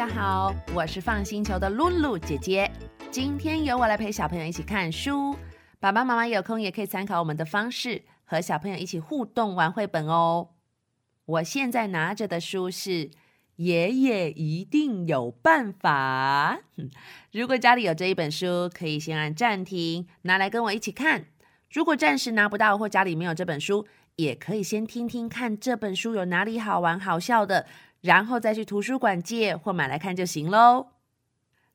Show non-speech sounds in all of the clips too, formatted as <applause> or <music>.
大家好，我是 FUN 星球的露露姐姐。今天由我來陪小朋友一起看書，爸爸媽媽有空也可以參考我們的方式，和小朋友一起互動玩繪本哦。我現在拿着的書是《爺爺一定有辦法》。如果家裡有這一本書，可以先按暫停，拿來跟我一起看。如果暫時拿不到或家裡沒有這本書，也可以先聽聽看這本書有哪裡好玩好笑的。然後再去圖書館借或買來看就行嘍。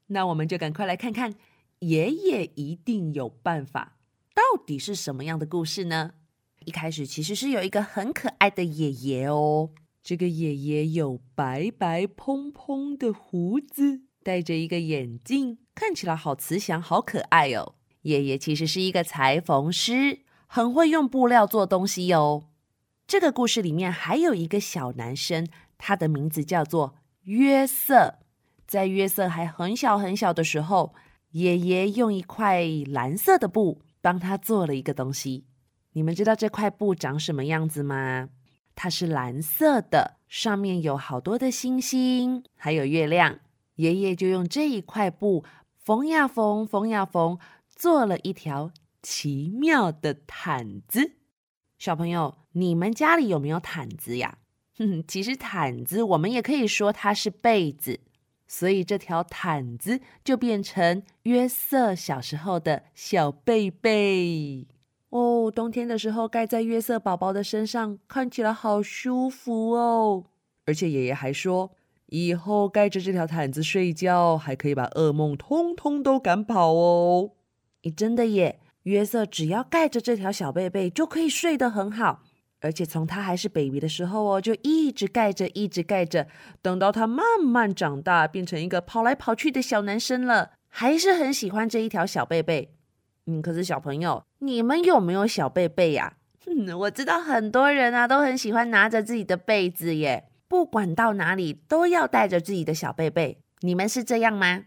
那我們就趕快來看看，爺爺一定有辦法。到底是什麼樣的故事呢？一開始其實是有一個很可愛的爺爺哦。這個爺爺有白白蓬蓬的鬍子，戴着一個眼鏡，看起來好慈祥、好可愛哦。爺爺其實是一個裁縫師，很會用布料做東西哦。這個故事裡面還有一個小男生。他的名字叫做約瑟。在約瑟還很小很小的時候，爺爺用一塊藍色的布幫他做了一個東西。你們知道這塊布長什麼樣子嗎？它是藍色的，上面有好多的星星，還有月亮。爺爺就用這一塊布縫呀縫，縫呀縫，做了一條奇妙的毯子。小朋友，你們家裡有沒有毯子呀？哼哼，其實毯子我們也可以說它是被子，所以這條毯子就變成約瑟小時候的小被被哦。冬天的時候蓋在約瑟寶寶的身上，看起來好舒服哦。而且爺爺還說，以後蓋着這條毯子睡覺，還可以把噩夢通通都趕跑哦。你真的耶，約瑟只要蓋着這條小被被，就可以睡得很好。而且從他還是 baby 的時候哦，就一直蓋着，一直蓋着，等到他慢慢長大，變成一個跑來跑去的小男生了，還是很喜歡這一條小被被。嗯，可是小朋友，你們有沒有小被被呀？嗯，我知道很多人啊都很喜歡拿着自己的被子耶，不管到哪裡都要帶着自己的小被被。你們是這樣嗎？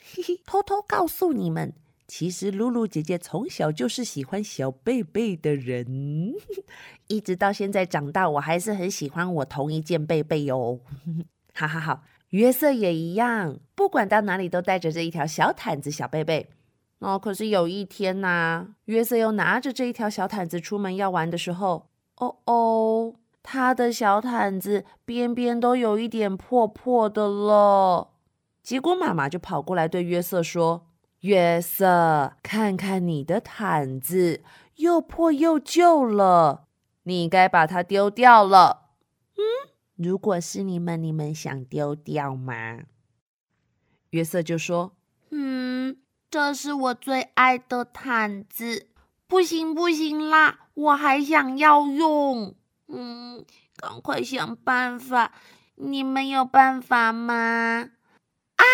嘿嘿，偷偷告訴你們。其實露露姐姐從小就是喜歡小貝貝的人，一直到現在長大，我還是很喜歡我同一件貝貝喲、哦。 <laughs> 好好好。約瑟也一樣，不管到哪裡都帶着這一條小毯子小貝貝。哦，可是有一天吶、啊，約瑟又拿着這一條小毯子出門要玩的時候，哦哦，他的小毯子邊邊都有一點破破的了。結果媽媽就跑過來對約瑟說。約瑟，看看你的毯子，又破又舊了，你該把它丟掉了。嗯，如果是你們，你們想丟掉嗎？約瑟就說：“嗯，這是我最愛的毯子，不行不行啦，我還想要用。”嗯，趕快想辦法，你們有辦法嗎？啊，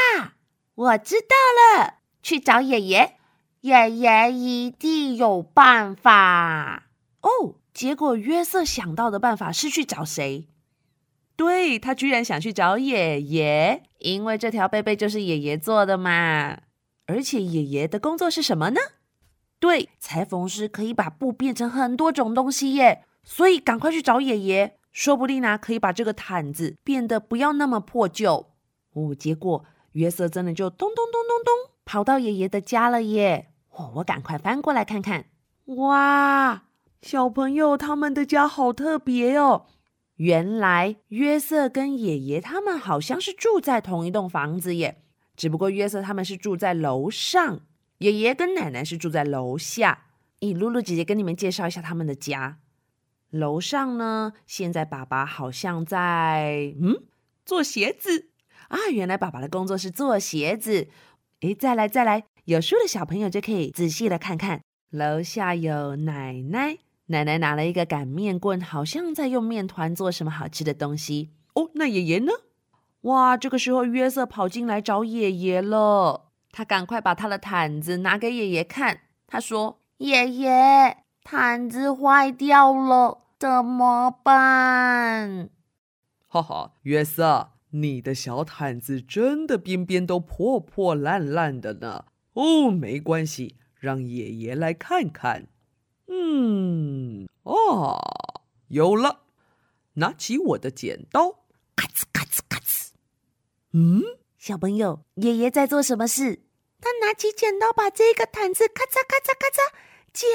我知道了。去找爺爺，爺爺一定有辦法哦。結果約瑟想到的辦法是去找誰？對，他居然想去找爺爺，因為這條被被就是爺爺做的嘛。而且爺爺的工作是什麼呢？對，裁縫師可以把布變成很多種東西耶。所以趕快去找爺爺，說不定呢、啊、可以把這個毯子變得不要那麼破舊。哦，結果約瑟真的就咚咚咚咚咚，咚，咚。跑到爺爺的家了耶、哦！我趕快翻過來看看。哇，小朋友他們的家好特別哦！原來約瑟跟爺爺他們好像是住在同一棟房子耶，只不過約瑟他們是住在樓上，爺爺跟奶奶是住在樓下。咦、欸，露露姐姐跟你們介紹一下他們的家。樓上呢，現在爸爸好像在嗯做鞋子啊！原來爸爸的工作是做鞋子。哎，再來再來，有書的小朋友就可以仔細的看看。樓下有奶奶，奶奶拿了一個擀麵棍，好像在用麵糰做什麼好吃的東西。哦，那爺爺呢？哇，這個時候約瑟跑進來找爺爺了，他趕快把他的毯子拿給爺爺看。他說：“爺爺，毯子壞掉了，怎麼辦？”哈哈，約瑟。你的小毯子真的邊邊都破破爛爛的呢。哦，沒關係，讓爺爺來看看。嗯，哦，有了，拿起我的剪刀，咔嚓咔嚓咔嚓。嗯，小朋友，爺爺在做什麼事？他拿起剪刀把這個毯子咔嚓咔嚓咔嚓剪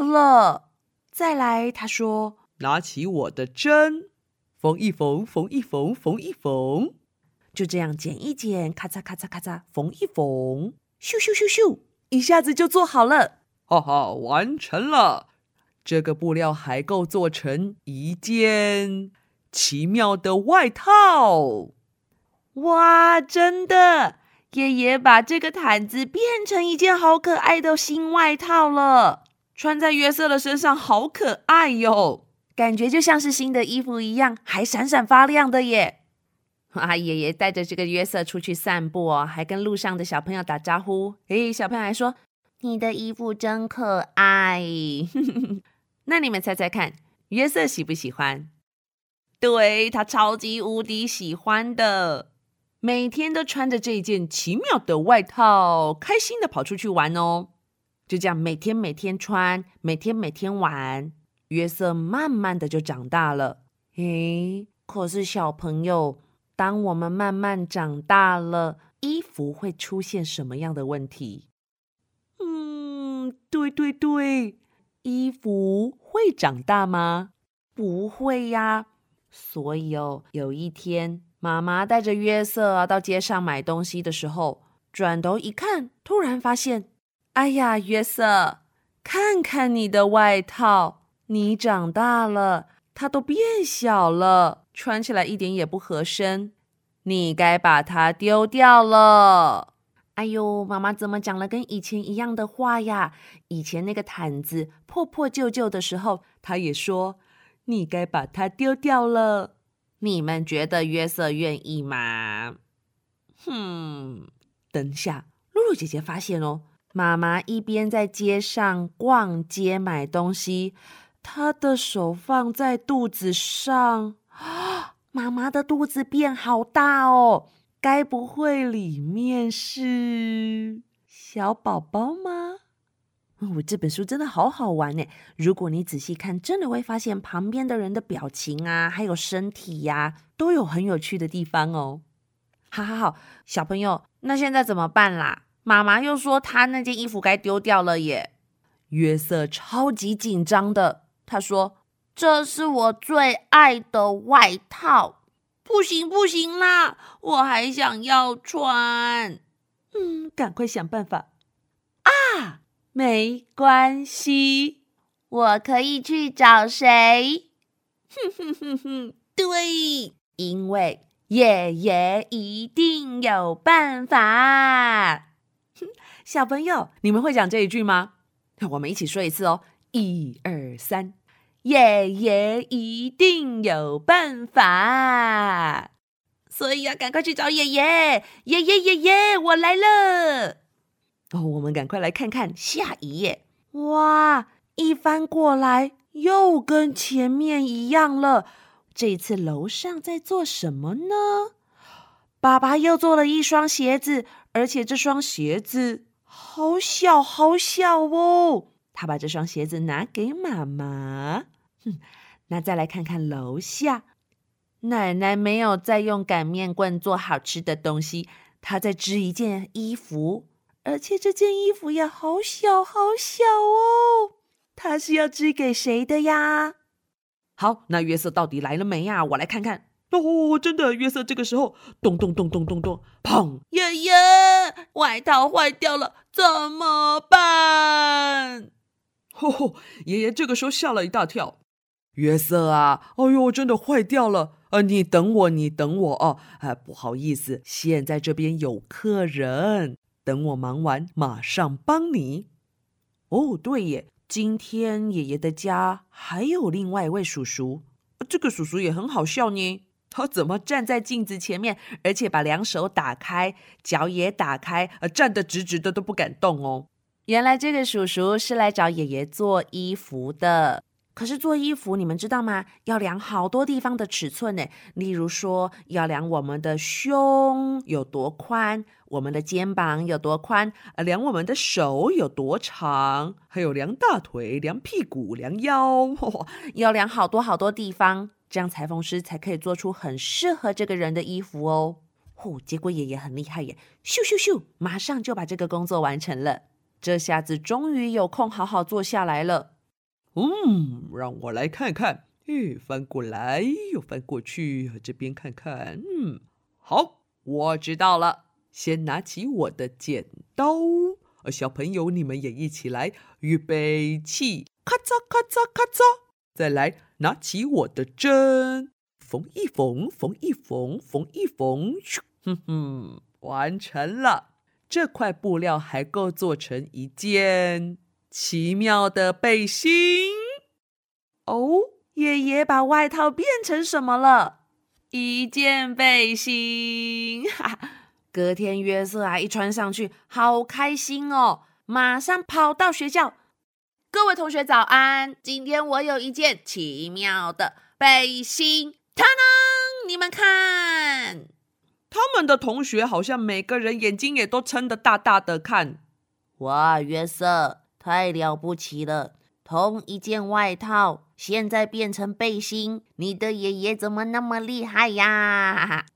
掉了。再來，他說，拿起我的針。縫一縫，縫一縫，縫一縫，就這樣剪一剪，咔嚓咔嚓咔嚓，縫一縫，咻咻咻咻，一下子就做好了，哈哈，完成了！這個布料還夠做成一件奇妙的外套，哇，真的！爺爺把這個毯子變成一件好可愛的新外套了，穿在約瑟的身上好可愛喲、哦。感覺就像是新的衣服一樣，還閃閃發亮的耶！阿、啊、爺爺帶着這個約瑟出去散步哦，還跟路上的小朋友打招呼。哎，小朋友還說：“你的衣服真可愛。 <laughs> ”那你們猜猜看，約瑟喜不喜歡？對，他超級無敵喜歡的，每天都穿着這件奇妙的外套，開心的跑出去玩哦。就這樣，每天每天穿，每天每天玩。約瑟慢慢的就長大了。誒，可是小朋友，當我們慢慢長大了，衣服會出現什麼樣的問題？嗯，對對對，衣服會長大嗎？不會呀、啊。所以哦，有一天，媽媽帶着約瑟、啊、到街上買東西的時候，轉頭一看，突然發現，哎呀，約瑟，看看你的外套。你長大了，它都變小了，穿起來一點也不合身，你該把它丟掉了。哎呦，媽媽怎麼講了跟以前一樣的話呀？以前那個毯子破破舊舊的時候，她也說你該把它丟掉了。你們覺得約瑟願意嗎？哼，等一下露露姐姐發現哦，媽媽一邊在街上逛街買東西。他的手放在肚子上，啊、哦，媽媽的肚子變好大哦，該不會裡面是小寶寶嗎？我、哦、這本書真的好好玩呢，如果你仔細看，真的會發現旁邊的人的表情啊，還有身體呀、啊，都有很有趣的地方哦。好好好，小朋友，那現在怎麼辦啦？媽媽又說她那件衣服該丟掉了耶，約瑟超級緊張的。他說：“這是我最愛的外套，不行不行啦，我還想要穿。”嗯，趕快想辦法啊！沒關係，我可以去找誰？哼哼哼哼，對，因為爺爺一定有辦法。哼，小朋友，你們會講這一句嗎？那我們一起說一次哦。一二三，爺爺一定有辦法，所以要趕快去找爺爺。爺爺爺爺，我來了！哦，我們趕快來看看下一頁。哇，一翻過來又跟前面一樣了。這次樓上在做什麼呢？爸爸又做了一雙鞋子，而且這雙鞋子好小好小哦。他把這雙鞋子拿給媽媽。哼，那再來看看樓下，奶奶沒有在用擀麵棍做好吃的東西，她在織一件衣服，而且這件衣服也，好小好小哦。她是要織給誰的呀？好，那約瑟到底來了沒呀？我來看看。哦，真的，約瑟這個時候咚咚咚咚咚咚咚，砰！爺爺，外套壞掉了，怎麼辦？吼、哦、吼，爺爺這個時候嚇了一大跳。約瑟啊，哎呦，真的壞掉了啊！你等我，你等我啊，哦呃！不好意思，現在這邊有客人，等我忙完馬上幫你。哦，對耶，今天爺爺的家還有另外一位叔叔，這個叔叔也很好笑呢。他怎麼站在鏡子前面，而且把兩手打開，腳也打開，呃、站得直直的都不敢動哦。原來這個叔叔是來找爺爺做衣服的。可是做衣服，你們知道嗎？要量好多地方的尺寸呢。例如說，要量我們的胸有多寬，我們的肩膀有多寬，呃，量我們的手有多長，還有量大腿、量屁股、量腰呵呵，要量好多好多地方。這樣裁縫師才可以做出很適合這個人的衣服哦。嚯！結果爺爺很厲害耶，咻咻咻咻，馬上就把這個工作完成了。這下子終於有空好好坐下來了。嗯，讓我來看看。哎，翻過來又翻過去，這邊看看。嗯，好，我知道了。先拿起我的剪刀，呃，小朋友你們也一起來，預備起！咔嚓咔嚓咔嚓！再來拿起我的針，縫一縫，縫一縫，縫一縫，咻，哼哼，完成了。這塊布料還夠做成一件奇妙的背心哦。爺、oh, 爺爺把外套變成什麼了？一件背心。 <laughs> 隔天約瑟啊，一穿上去好開心哦，馬上跑到學校。各位同學早安，今天我有一件奇妙的背心，噔噔，你們看。他們的同學好像每個人眼睛也都撐得大大的看，哇！約瑟太了不起了，同一件外套現在變成背心，你的爺爺怎麼那麼厲害呀？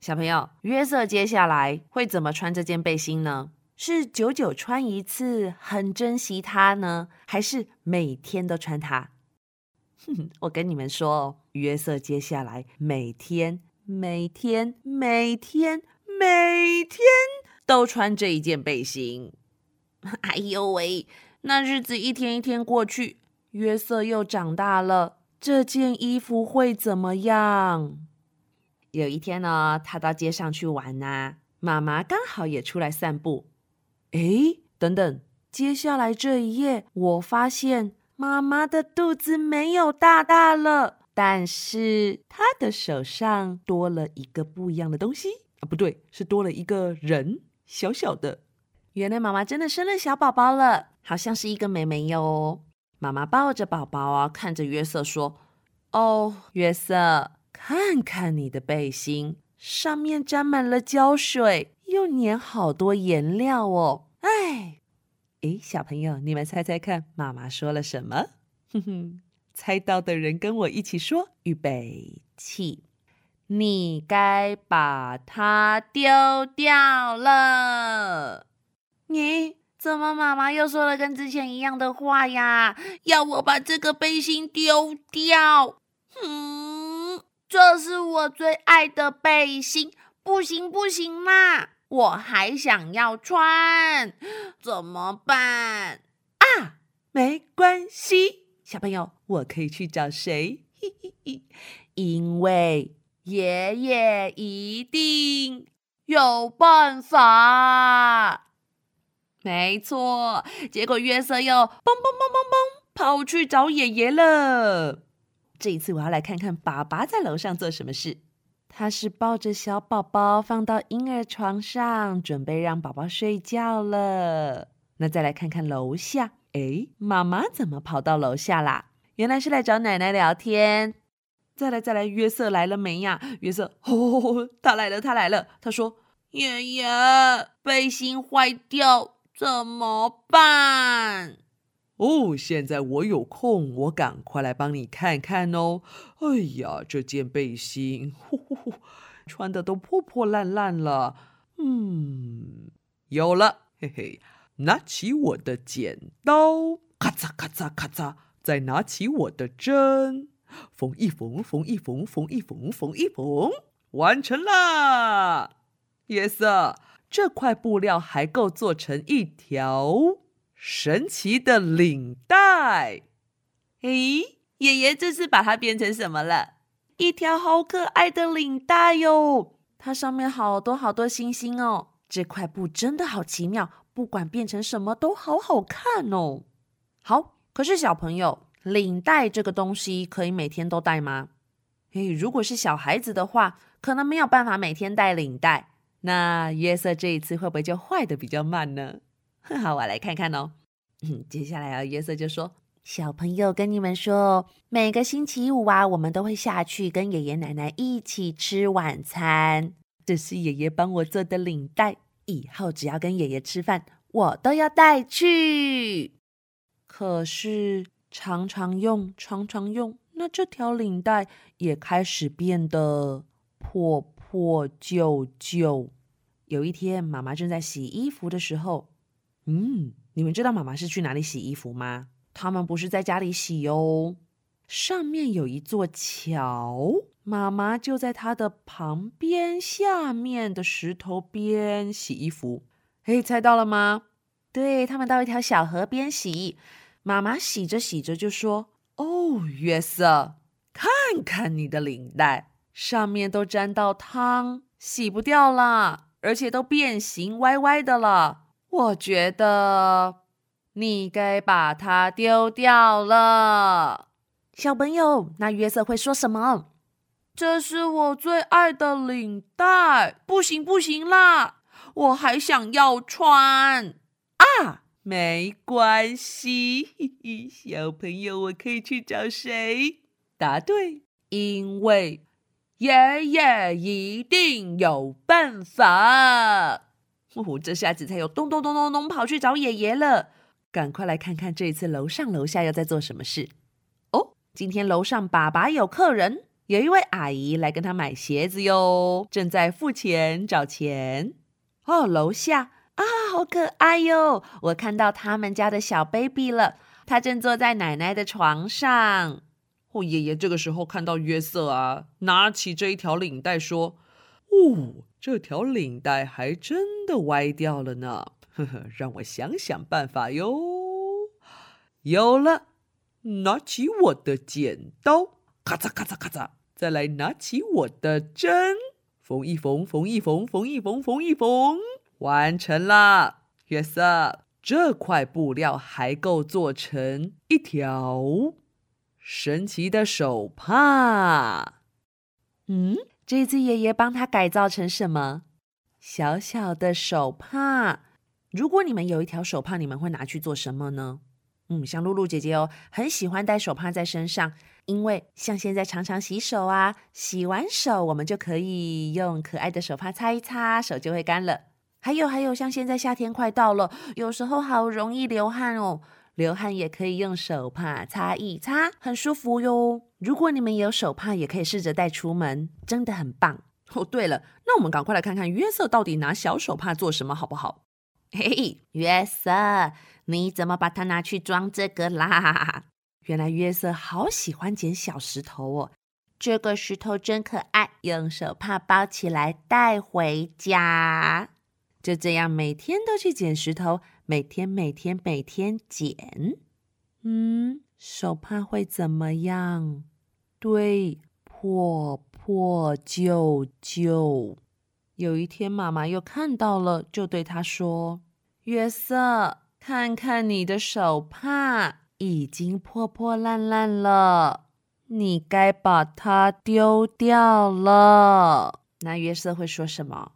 小朋友，約瑟接下來會怎麼穿這件背心呢？是久久穿一次很珍惜它呢，還是每天都穿它？哼哼， <laughs> 我跟你們說哦，約瑟接下來每天。每天每天每天都穿這一件背心，哎呦喂！那日子一天一天過去，約瑟又長大了，這件衣服會怎麼樣？有一天呢，他到街上去玩吶、啊，媽媽剛好也出來散步。哎，等等，接下來這一頁，我發現媽媽的肚子沒有大大了。但是他的手上多了一個不一樣的東西啊，不對，是多了一個人，小小的。原來媽媽真的生了小寶寶了，好像是一個妹妹喲哦。媽媽抱着寶寶啊，看着約瑟說：“哦，約瑟，看看你的背心，上面沾滿了膠水，又粘好多顏料哦。”唉，哎，小朋友，你們猜猜看，媽媽說了什麼？哼哼。猜到的人跟我一起說：“預備起！”你該把它丟掉了。你怎麼，媽媽又說了跟之前一樣的話呀？要我把這個背心丟掉？嗯，這是我最愛的背心，不行不行嘛！我還想要穿，怎麼辦啊？沒關係。小朋友，我可以去找誰？ <laughs> 因為爺爺一定有辦法。沒錯，結果約瑟又蹦蹦蹦蹦蹦跑去找爺爺了。這一次，我要來看看爸爸在樓上做什麼事。他是抱着小寶寶放到嬰兒床上，準備讓寶寶睡覺了。那再來看看樓下，哎，媽媽怎麼跑到樓下啦？原來是來找奶奶聊天。再來，再來，約瑟來了沒呀？約瑟，哦，他來了，他來了。他說：“爺爺，背心壞掉怎麼辦？”哦，現在我有空，我趕快來幫你看看哦。哎呀，這件背心，呼呼呼，穿的都破破爛爛了。嗯，有了，嘿嘿。拿起我的剪刀，咔嚓咔嚓咔嚓，再拿起我的針，縫一縫，縫一縫，縫一縫，縫一縫，完成了。Yes，啊，這塊布料還夠做成一條神奇的領帶。哎，欸，爺爺這是把它變成什麼了？一條好可愛的領帶喲！它上面好多好多星星哦。這塊布真的好奇妙。不管變成什麼都好好看哦。好，可是小朋友，領帶這個東西可以每天都戴嗎？嘿，如果是小孩子的話，可能沒有辦法每天戴領帶。那約瑟這一次會不會就壞的比較慢呢？哼， <laughs> 好，我來看看哦。嗯，接下來啊，約瑟就說：“小朋友跟你們說，每個星期五啊，我們都會下去跟爺爺奶奶一起吃晚餐。這是爺爺幫我做的領帶。”以後只要跟爺爺吃飯，我都要帶去。可是常常用，常常用，那這條領帶也開始變得破破舊舊。有一天，媽媽正在洗衣服的時候，嗯，你們知道媽媽是去哪裡洗衣服嗎？他們不是在家裡洗哦，上面有一座橋。媽媽就在他的旁邊，下面的石頭邊洗衣服。嘿，猜到了嗎？對，他們到一條小河邊洗。媽媽洗着洗着就說：“哦，約瑟，看看你的領帶，上面都沾到湯，洗不掉了，而且都變形歪歪的了。我覺得你該把它丟掉了。”小朋友，那約瑟會說什麼？這是我最愛的領帶，不行不行啦，我還想要穿啊！沒關係，小朋友，我可以去找誰？答對，因為爺爺一定有辦法。我、哦、這下子才有咚咚咚咚咚跑去找爺爺了，趕快來看看這一次樓上樓下又在做什麼事哦。今天樓上爸爸有客人。有一位阿姨來跟他買鞋子喲，正在付錢找錢哦。樓下啊，好可愛喲！我看到他們家的小 baby 了，他正坐在奶奶的床上。哦，爺爺這個時候看到約瑟啊，拿起這一條領帶說：“哦，這條領帶還真的歪掉了呢，呵呵，讓我想想辦法喲。”有了，拿起我的剪刀。咔嚓咔嚓咔嚓，再來拿起我的針，縫一縫，縫一縫，縫一縫，縫一縫，完成啦！Yes，sir！這塊布料還夠做成一條神奇的手帕。嗯，這次爺爺幫他改造成什麼？小小的手帕。如果你們有一條手帕，你們會拿去做什麼呢？嗯，像露露姐姐哦，很喜歡帶手帕在身上，因為像現在常常洗手啊，洗完手我們就可以用可愛的手帕擦一擦，手就會乾了。還有還有，像現在夏天快到了，有時候好容易流汗哦，流汗也可以用手帕擦一擦，很舒服喲。如果你們有手帕，也可以試着帶出門，真的很棒哦。對了，那我們趕快來看看約瑟到底拿小手帕做什麼好不好？嘿嘿，約瑟。你怎麼把它拿去裝這個啦？原來約瑟好喜歡撿小石頭哦。這個石頭真可愛，用手帕包起來帶回家。就這樣，每天都去撿石頭，每天每天每天撿。嗯，手帕會怎麼樣？對，破破舊舊。有一天，媽媽又看到了，就對她說：“約瑟。”看看你的手帕已經破破爛爛了，你該把它丟掉了。那約瑟會說什麼？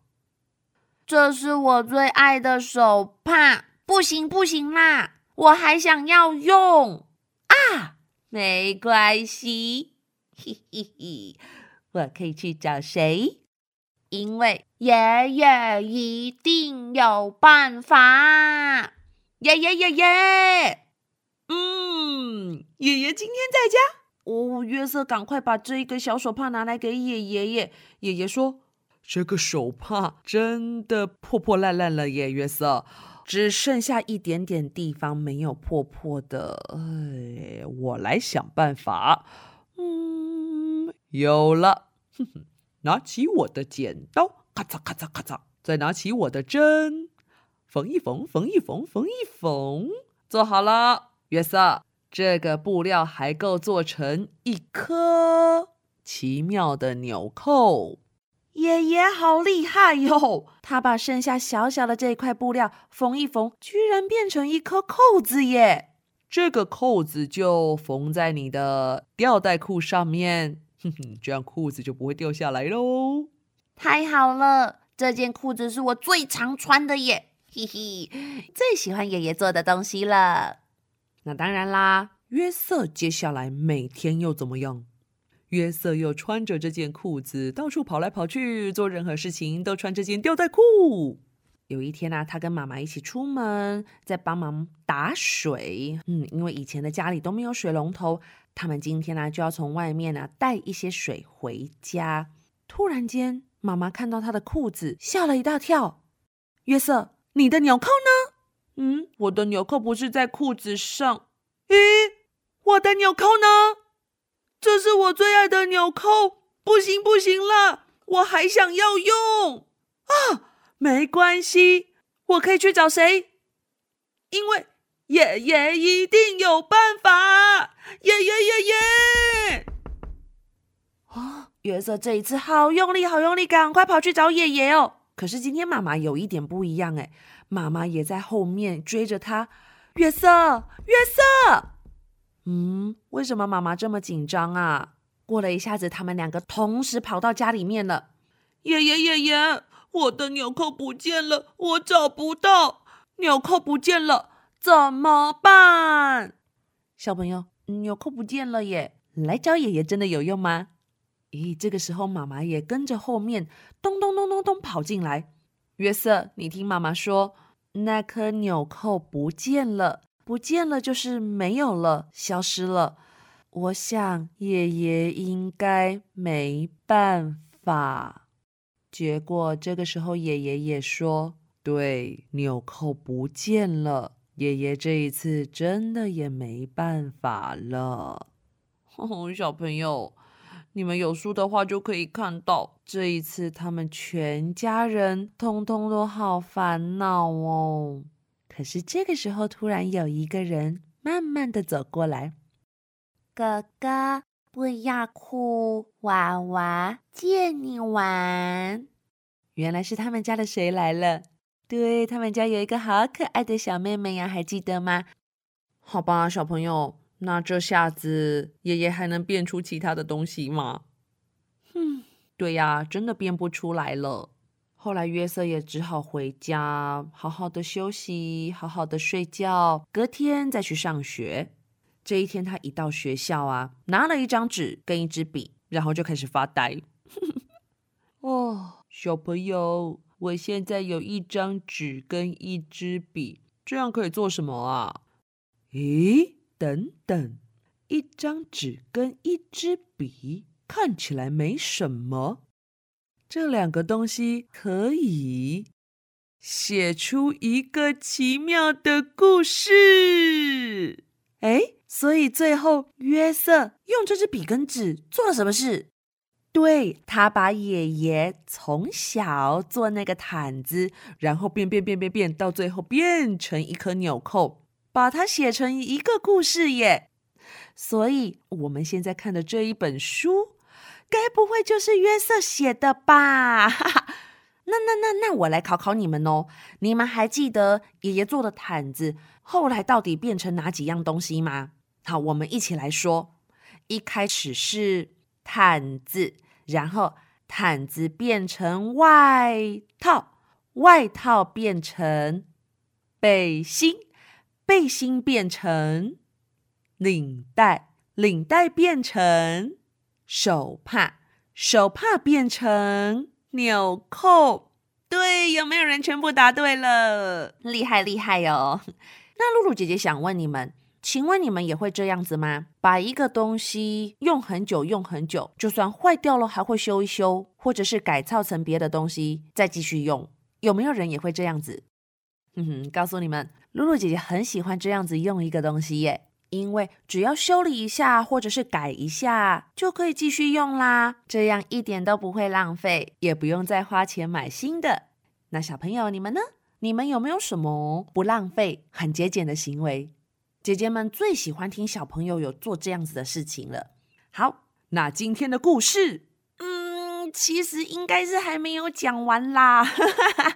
這是我最愛的手帕，不行不行啦，我還想要用啊！沒關係，嘿嘿嘿，我可以去找誰？因為爺爺一定有辦法。耶耶耶耶嗯，爺爺今天在家哦。約瑟，趕快把這個小手帕拿來給爺爺爺。爺爺說：“這個手帕真的破破爛爛了，耶。”約瑟，只剩下一點點地方沒有破破的。哎，我來想辦法。嗯，有了， <laughs> 拿起我的剪刀，咔嚓咔嚓咔嚓，再拿起我的針。縫一縫，縫一縫，縫一縫，做好了，約瑟，這個布料還夠做成一顆奇妙的紐扣。爺爺好厲害喲！他把剩下小小的這塊布料縫一縫，居然變成一顆扣子耶！這個扣子就縫在你的吊帶褲上面，哼哼，這樣褲子就不會掉下來嘍。太好了，這件褲子是我最常穿的耶。嘿嘿，最喜歡爺爺做的東西了。那當然啦，約瑟接下來每天又怎麼樣？約瑟又穿着這件褲子到處跑來跑去，做任何事情都穿這件吊帶褲。有一天呢、啊，他跟媽媽一起出門，在幫忙打水。嗯，因為以前的家裡都沒有水龍頭，他們今天呢、啊、就要從外面呢、啊、帶一些水回家。突然間，媽媽看到他的褲子，嚇了一大跳。約瑟。你的紐扣呢？嗯，我的紐扣不是在褲子上。咦，我的紐扣呢？這是我最愛的紐扣。不行不行了，我還想要用啊！沒關係，我可以去找誰？因為爺爺一定有辦法。爺爺爺爺！啊、哦，約瑟這一次好用力，好用力，趕快跑去找爺爺哦。可是今天媽媽有一點不一樣哎，媽媽也在後面追着他，約瑟約瑟。嗯，為什麼媽媽這麼緊張啊？過了一下子，他們兩個同時跑到家裡面了。爺爺爺爺，我的紐扣不見了，我找不到紐扣不見了，怎麼辦？小朋友，紐扣不見了耶，來找爺爺真的有用嗎？咦，這個時候媽媽也跟着後面咚咚咚咚咚咚跑進來。約瑟，你聽媽媽說，那顆紐扣不見了，不見了就是沒有了，消失了。我想爺爺應該沒辦法。結果這個時候爺爺也說：“對，紐扣不見了。”爺爺這一次真的也沒辦法了。 <laughs> 小朋友。你們有書的話就可以看到。這一次，他們全家人通通都好煩惱哦。可是這個時候，突然有一個人慢慢地走過來：“哥哥，不要哭，娃娃借你玩。”原來是他們家的誰來了？對，他們家有一個好可愛的小妹妹呀、啊，還記得嗎？好吧，小朋友。那這下子爺爺還能變出其他的東西嗎？哼，對呀，真的變不出來了。後來約瑟也只好回家，好好的休息，好好的睡覺，隔天再去上學。這一天他一到學校啊，拿了一張紙跟一支筆，然後就開始發呆。 <laughs> 哦，小朋友，我現在有一張紙跟一支筆，這樣可以做什麼啊？咦？等等，一張紙跟一支筆看起來沒什麼，這兩個東西可以寫出一個奇妙的故事。哎，所以最後約瑟用這支筆跟紙做了什麼事？對，他把爺爺從小做那個毯子，然後變變變變變，到最後變成一顆紐扣。把它寫成一個故事耶，所以我們現在看的這一本書，該不會就是約瑟寫的吧？哈哈，那那那那，那那那我來考考你們哦，你們還記得爺爺做的毯子後來到底變成哪幾樣東西嗎？好，我們一起來說，一開始是毯子，然後毯子變成外套，外套變成背心。背心變成領帶，領帶變成手帕，手帕變成紐扣。對，有沒有人全部答對了？厲害厲害喲、哦！ <laughs> 那露露姐姐想問你們，請問你們也會這樣子嗎？把一個東西用很久用很久，就算壞掉了還會修一修，或者是改造成別的東西再繼續用？有沒有人也會這樣子？哼、嗯、哼，告訴你們。露露姐姐很喜歡這樣子用一個東西耶，因為只要修理一下或者是改一下，就可以繼續用啦。這樣一點都不會浪費，也不用再花錢買新的。那小朋友你們呢？你們有沒有什麼不浪費、很節儉的行為？姐姐們最喜歡聽小朋友有做這樣子的事情了。好，那今天的故事，嗯，其實應該是還沒有講完啦。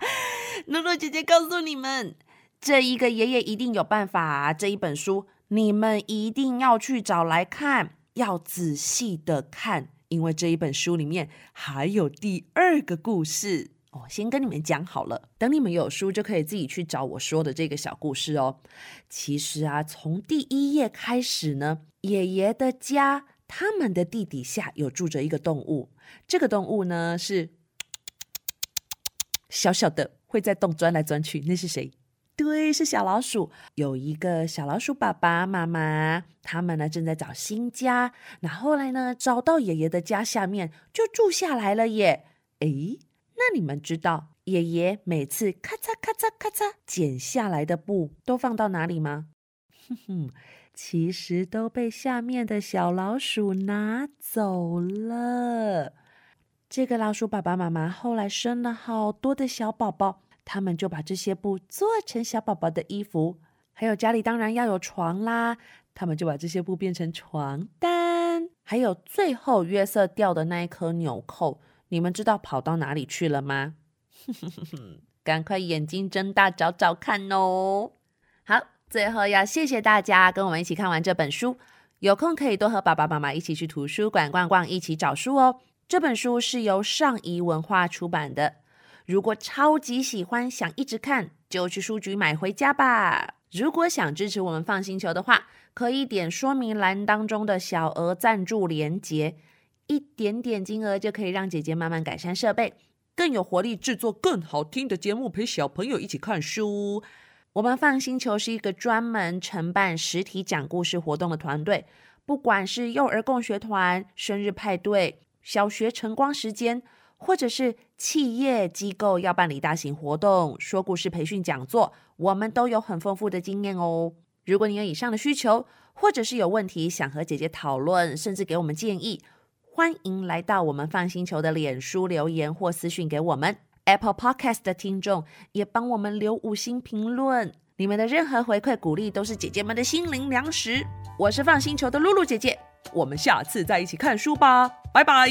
<laughs> 露露姐姐告訴你們。這一個爺爺一定有辦法啊，這一本書你們一定要去找來看，要仔細的看，因為這一本書裡面還有第二個故事哦。先跟你們講好了，等你們有書就可以自己去找我說的這個小故事哦。其實啊，從第一頁開始呢，爺爺的家，他們的地底下有住着一個動物。這個動物呢是小小的，會在洞鑽來鑽去，那是誰？對，是小老鼠，有一個小老鼠爸爸媽媽，他們呢正在找新家。那後來呢，找到爺爺的家下面就住下來了耶。誒，那你們知道爺爺每次咔嚓咔嚓咔嚓剪下來的布都放到哪裡嗎？哼哼，其實都被下面的小老鼠拿走了。這個老鼠爸爸媽媽後來生了好多的小寶寶。他們就把這些布做成小寶寶的衣服，還有家裡當然要有床啦。他們就把這些布變成床單，還有最後約瑟掉的那一顆紐扣，你們知道跑到哪裡去了嗎？ <laughs> 趕快眼睛睜大找找看哦！好，最後要謝謝大家跟我們一起看完這本書，有空可以多和爸爸媽媽一起去圖書館逛逛，一起找書哦。這本書是由上誼文化出版的。如果超級喜歡，想一直看，就去書局買回家吧。如果想支持我們 FUN 星球的話，可以點說明欄當中的小額贊助連結，一點點金額就可以讓姐姐慢慢改善設備，更有活力制作更好聽的節目，陪小朋友一起看書。我們 FUN 星球是一個專門承辦實體講故事活動的團隊，不管是幼兒共學團、生日派對、小學晨光時間。或者是企業機構要辦理大型活動、說故事、培訓、講座，我們都有很豐富的經驗哦。如果你有以上的需求，或者是有問題想和姐姐討論，甚至給我們建議，歡迎來到我們放星球的臉書留言或私訊給我們。Apple Podcast 的聽眾也幫我們留五星評論，你們的任何回饋鼓勵都是姐姐們的心靈糧食。我是放星球的露露姐姐，我們下次再一起看書吧，拜拜。